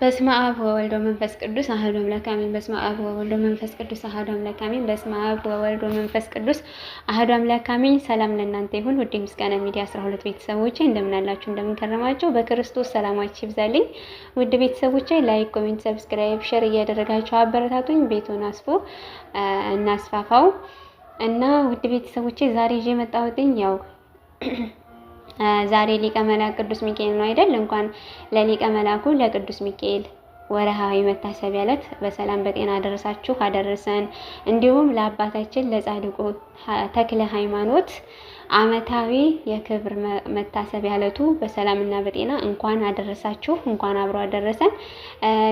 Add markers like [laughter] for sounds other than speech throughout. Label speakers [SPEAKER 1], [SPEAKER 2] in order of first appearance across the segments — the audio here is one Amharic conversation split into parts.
[SPEAKER 1] በስመ አብ ወወልድ ወመንፈስ ቅዱስ አሐዱ አምላክ አሜን። በስመ አብ ወወልድ ወመንፈስ ቅዱስ አሐዱ አምላክ አሜን። በስመ አብ ወወልድ ወመንፈስ ቅዱስ አሐዱ አምላክ አሜን። ሰላም ለእናንተ ይሁን ውድ ምስጋና ሚዲያ 12 ቤተሰቦቼ እንደምን አላችሁ? እንደምን ከረማችሁ? በክርስቶስ ሰላማችሁ ይብዛልኝ። ውድ ቤተሰቦቼ ላይክ፣ ኮሜንት፣ ሰብስክራይብ፣ ሼር እያደረጋችሁ አበረታቱኝ። ቤቱን አስፎ እናስፋፋው እና ውድ ቤተሰቦቼ ዛሬ ይዤ መጣሁትኝ ያው ዛሬ ሊቀ መላክ ቅዱስ ሚካኤል ነው አይደል? እንኳን ለሊቀ ለቅዱስ ሚካኤል ወርሃዊ መታሰቢያ ዕለት በሰላም በጤና አደረሳችሁ አደረሰን። እንዲሁም ለአባታችን ለጻድቁ ተክለ ሃይማኖት ዓመታዊ የክብር መታሰቢያ ዕለቱ በሰላምና በጤና እንኳን አደረሳችሁ እንኳን አብሮ አደረሰን።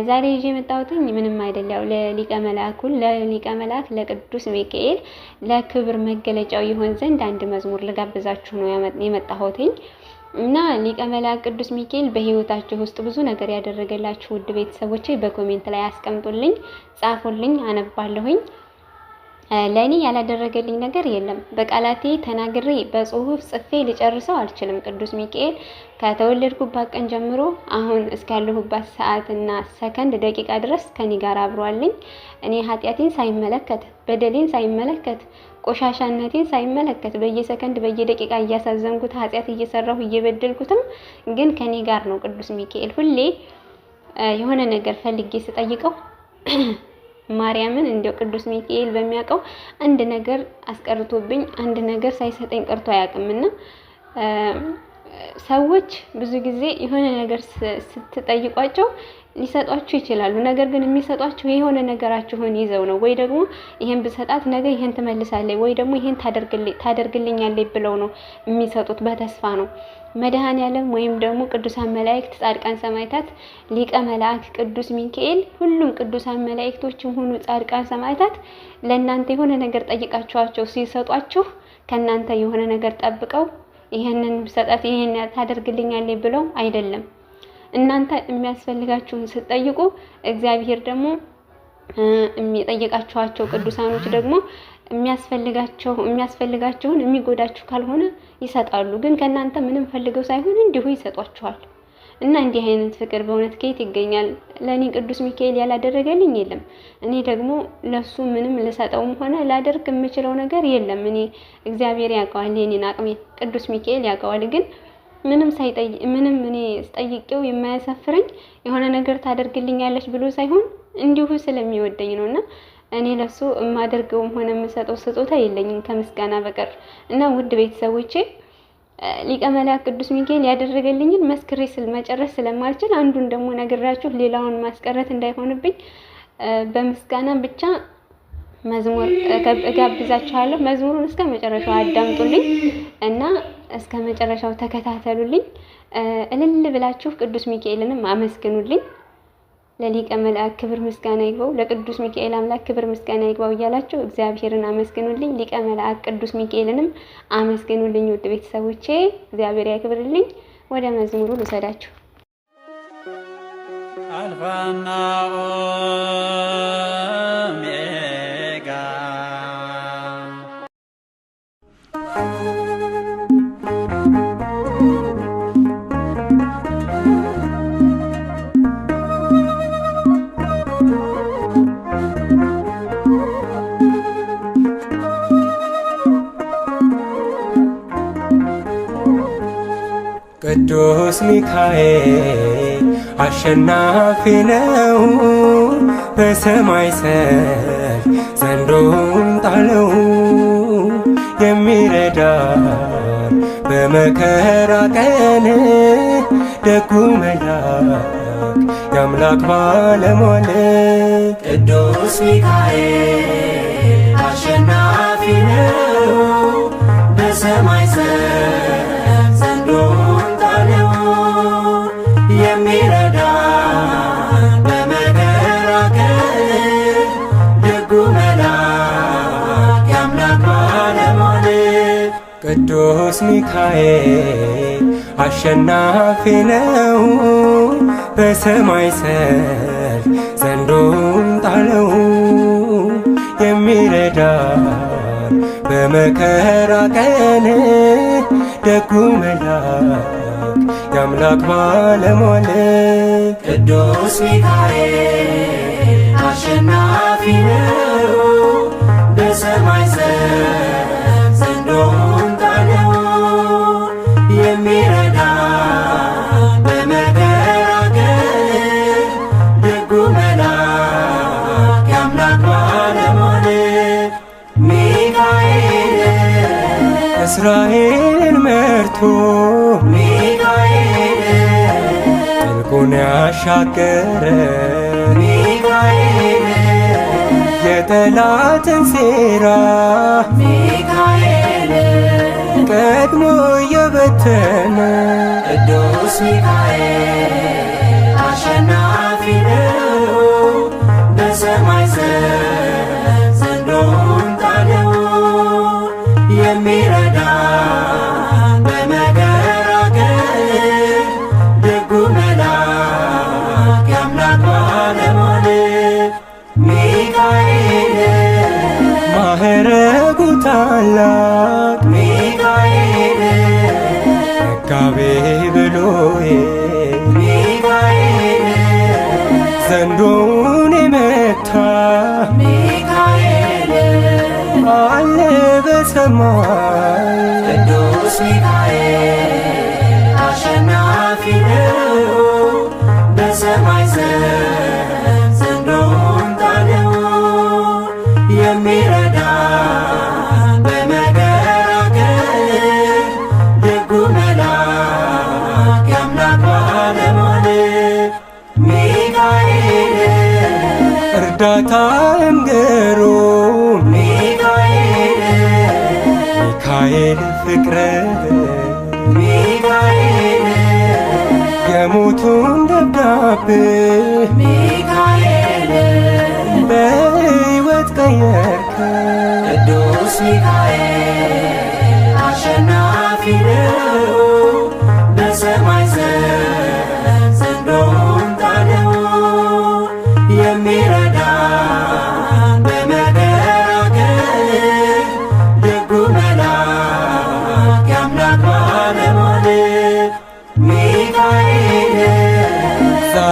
[SPEAKER 1] ዛሬ ይዤ የመጣሁትኝ ምንም አይደል፣ ያው ለሊቀ መልአኩ ለሊቀ መልአክ ለቅዱስ ሚካኤል ለክብር መገለጫው ይሆን ዘንድ አንድ መዝሙር ልጋብዛችሁ ነው የመጣሁትኝ። እና ሊቀ መላእክት ቅዱስ ሚካኤል በህይወታችሁ ውስጥ ብዙ ነገር ያደረገላችሁ ውድ ቤተሰቦቼ በኮሜንት ላይ አስቀምጡልኝ፣ ጻፉልኝ፣ አነባለሁኝ። ለእኔ ያላደረገልኝ ነገር የለም። በቃላቴ ተናግሬ በጽሁፍ ጽፌ ሊጨርሰው አልችልም። ቅዱስ ሚካኤል ከተወለድኩባት ቀን ጀምሮ አሁን እስካለሁባት ሰዓትና ሰከንድ ደቂቃ ድረስ ከኔ ጋር አብሯልኝ። እኔ ኃጢአቴን ሳይመለከት በደሌን ሳይመለከት ቆሻሻነቴን ሳይመለከት በየሰከንድ በየደቂቃ እያሳዘንኩት ኃጢአት እየሰራሁ እየበደልኩትም ግን ከኔ ጋር ነው። ቅዱስ ሚካኤል ሁሌ የሆነ ነገር ፈልጌ ስጠይቀው [clears throat] ማርያምን እንደው ቅዱስ ሚካኤል በሚያውቀው አንድ ነገር አስቀርቶብኝ አንድ ነገር ሳይሰጠኝ ቀርቶ አያውቅምና ሰዎች ብዙ ጊዜ የሆነ ነገር ስትጠይቋቸው ሊሰጧችሁ ይችላሉ። ነገር ግን የሚሰጧቸው የሆነ ነገራችሁን ይዘው ነው። ወይ ደግሞ ይሄን ብሰጣት ነገ ይሄን ትመልሳለች ወይ ደግሞ ይሄን ታደርግልኛለች ብለው ነው የሚሰጡት። በተስፋ ነው። መድኃኔዓለም ወይም ደግሞ ቅዱሳን መላእክት፣ ጻድቃን ሰማዕታት፣ ሊቀ መላእክት ቅዱስ ሚካኤል፣ ሁሉም ቅዱሳን መላእክቶችም ሆኑ ጻድቃን ሰማዕታት ለእናንተ የሆነ ነገር ጠይቃችኋቸው ሲሰጧችሁ ከእናንተ የሆነ ነገር ጠብቀው ይሄንን ብሰጣት ይሄን ታደርግልኛለች ብለው አይደለም። እናንተ የሚያስፈልጋችሁን ስትጠይቁ እግዚአብሔር ደግሞ የሚጠየቃችኋቸው ቅዱሳኖች ደግሞ የሚያስፈልጋቸው የሚያስፈልጋቸውን የሚጎዳችሁ ካልሆነ ይሰጣሉ። ግን ከእናንተ ምንም ፈልገው ሳይሆን እንዲሁ ይሰጧችኋል። እና እንዲህ አይነት ፍቅር በእውነት ከየት ይገኛል? ለእኔ ቅዱስ ሚካኤል ያላደረገልኝ የለም። እኔ ደግሞ ለሱ ምንም ልሰጠውም ሆነ ላደርግ የምችለው ነገር የለም። እኔ እግዚአብሔር ያውቀዋል የኔን አቅሜ፣ ቅዱስ ሚካኤል ያውቀዋል ግን ምንም ሳይጠይቅ ምንም እኔ ስጠይቄው የማያሳፍረኝ የሆነ ነገር ታደርግልኛለች ብሎ ሳይሆን እንዲሁ ስለሚወደኝ ነው እና እኔ ለሱ የማደርገውም ሆነ የምሰጠው ስጦታ የለኝም ከምስጋና በቀር እና ውድ ቤተሰቦቼ ሊቀ መላክ ቅዱስ ሚካኤል ያደረገልኝን መስክሬ ስል መጨረስ ስለማልችል አንዱን ደግሞ ነግራችሁ ሌላውን ማስቀረት እንዳይሆንብኝ በምስጋና ብቻ መዝሙር እጋብዛችኋለሁ። መዝሙሩን እስከ መጨረሻው አዳምጡልኝ እና እስከ መጨረሻው ተከታተሉልኝ። እልል ብላችሁ ቅዱስ ሚካኤልንም አመስግኑልኝ። ለሊቀ መልአክ ክብር ምስጋና ይግባው፣ ለቅዱስ ሚካኤል አምላክ ክብር ምስጋና ይግባው እያላችሁ እግዚአብሔርን አመስግኑልኝ። ሊቀ መልአክ ቅዱስ ሚካኤልንም አመስግኑልኝ። ውድ ቤተሰቦቼ እግዚአብሔር ያክብርልኝ። ወደ መዝሙሩ ልውሰዳችሁ። አልፋና ኦሜጋ
[SPEAKER 2] ቅዱስ ሚካኤል አሸናፊ ነው። በሰማይ ሰል ዘንዶን ጣለው የሚረዳን በመከራ ቀን ደጉ መልአክ የአምላክ ባለሟል
[SPEAKER 3] ቅዱስ ሚካኤል አሸናፊ ነው በሰማይ ሰል
[SPEAKER 2] ቅዱስ ሚካኤል አሸናፊ ነው በሰማይ ሰል ዘንዶን ጣለው የሚረዳ በመከራ ቀን ደጉ መላክ የአምላክ ባለሟል
[SPEAKER 3] ቅዱስ ሚካኤል አሸናፊ ነው በሰማይ ሰል ዘንዶን
[SPEAKER 4] እስራኤል መርቶ
[SPEAKER 2] ሚካኤል
[SPEAKER 4] ጥልቁን ያሻገረ
[SPEAKER 2] ሚካኤል
[SPEAKER 4] የጠላትን ሴራ
[SPEAKER 2] ሚካኤል
[SPEAKER 4] ቀድሞ የበተነ
[SPEAKER 3] ቅዱስ ሚካኤል አሸናፊ ነው በሰማይ ዘር
[SPEAKER 4] ታላቅ
[SPEAKER 2] ሚካኤል
[SPEAKER 4] መጋቤ ብሉይ
[SPEAKER 2] ሚካኤል
[SPEAKER 4] ዘንዶውን የመታ
[SPEAKER 2] ሚካኤል
[SPEAKER 4] አለ በሰማይ
[SPEAKER 3] ቅዱስ ሚካኤል
[SPEAKER 4] እርዳታ እንገሩ
[SPEAKER 2] ሚካኤል
[SPEAKER 4] ሚካኤል ፍቅር
[SPEAKER 2] ሚካኤል
[SPEAKER 4] የሞቱን ደብዳቤ
[SPEAKER 2] ሚካኤል
[SPEAKER 4] በሕይወት ቀየርከ
[SPEAKER 3] ቅዱስ ሚካኤል አሸናፊ ነው።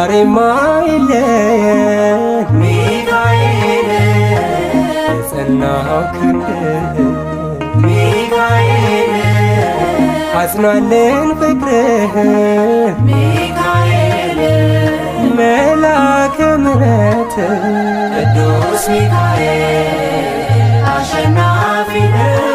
[SPEAKER 4] ዛሬማ የለየን
[SPEAKER 2] ሚካኤል
[SPEAKER 4] የጸናኸው ክንድ
[SPEAKER 2] ሚካኤል
[SPEAKER 4] አጽናልን ፍቅርህ
[SPEAKER 2] ሚካኤል
[SPEAKER 4] መልአከ ምሕረት
[SPEAKER 3] ቅዱስ ሚካኤል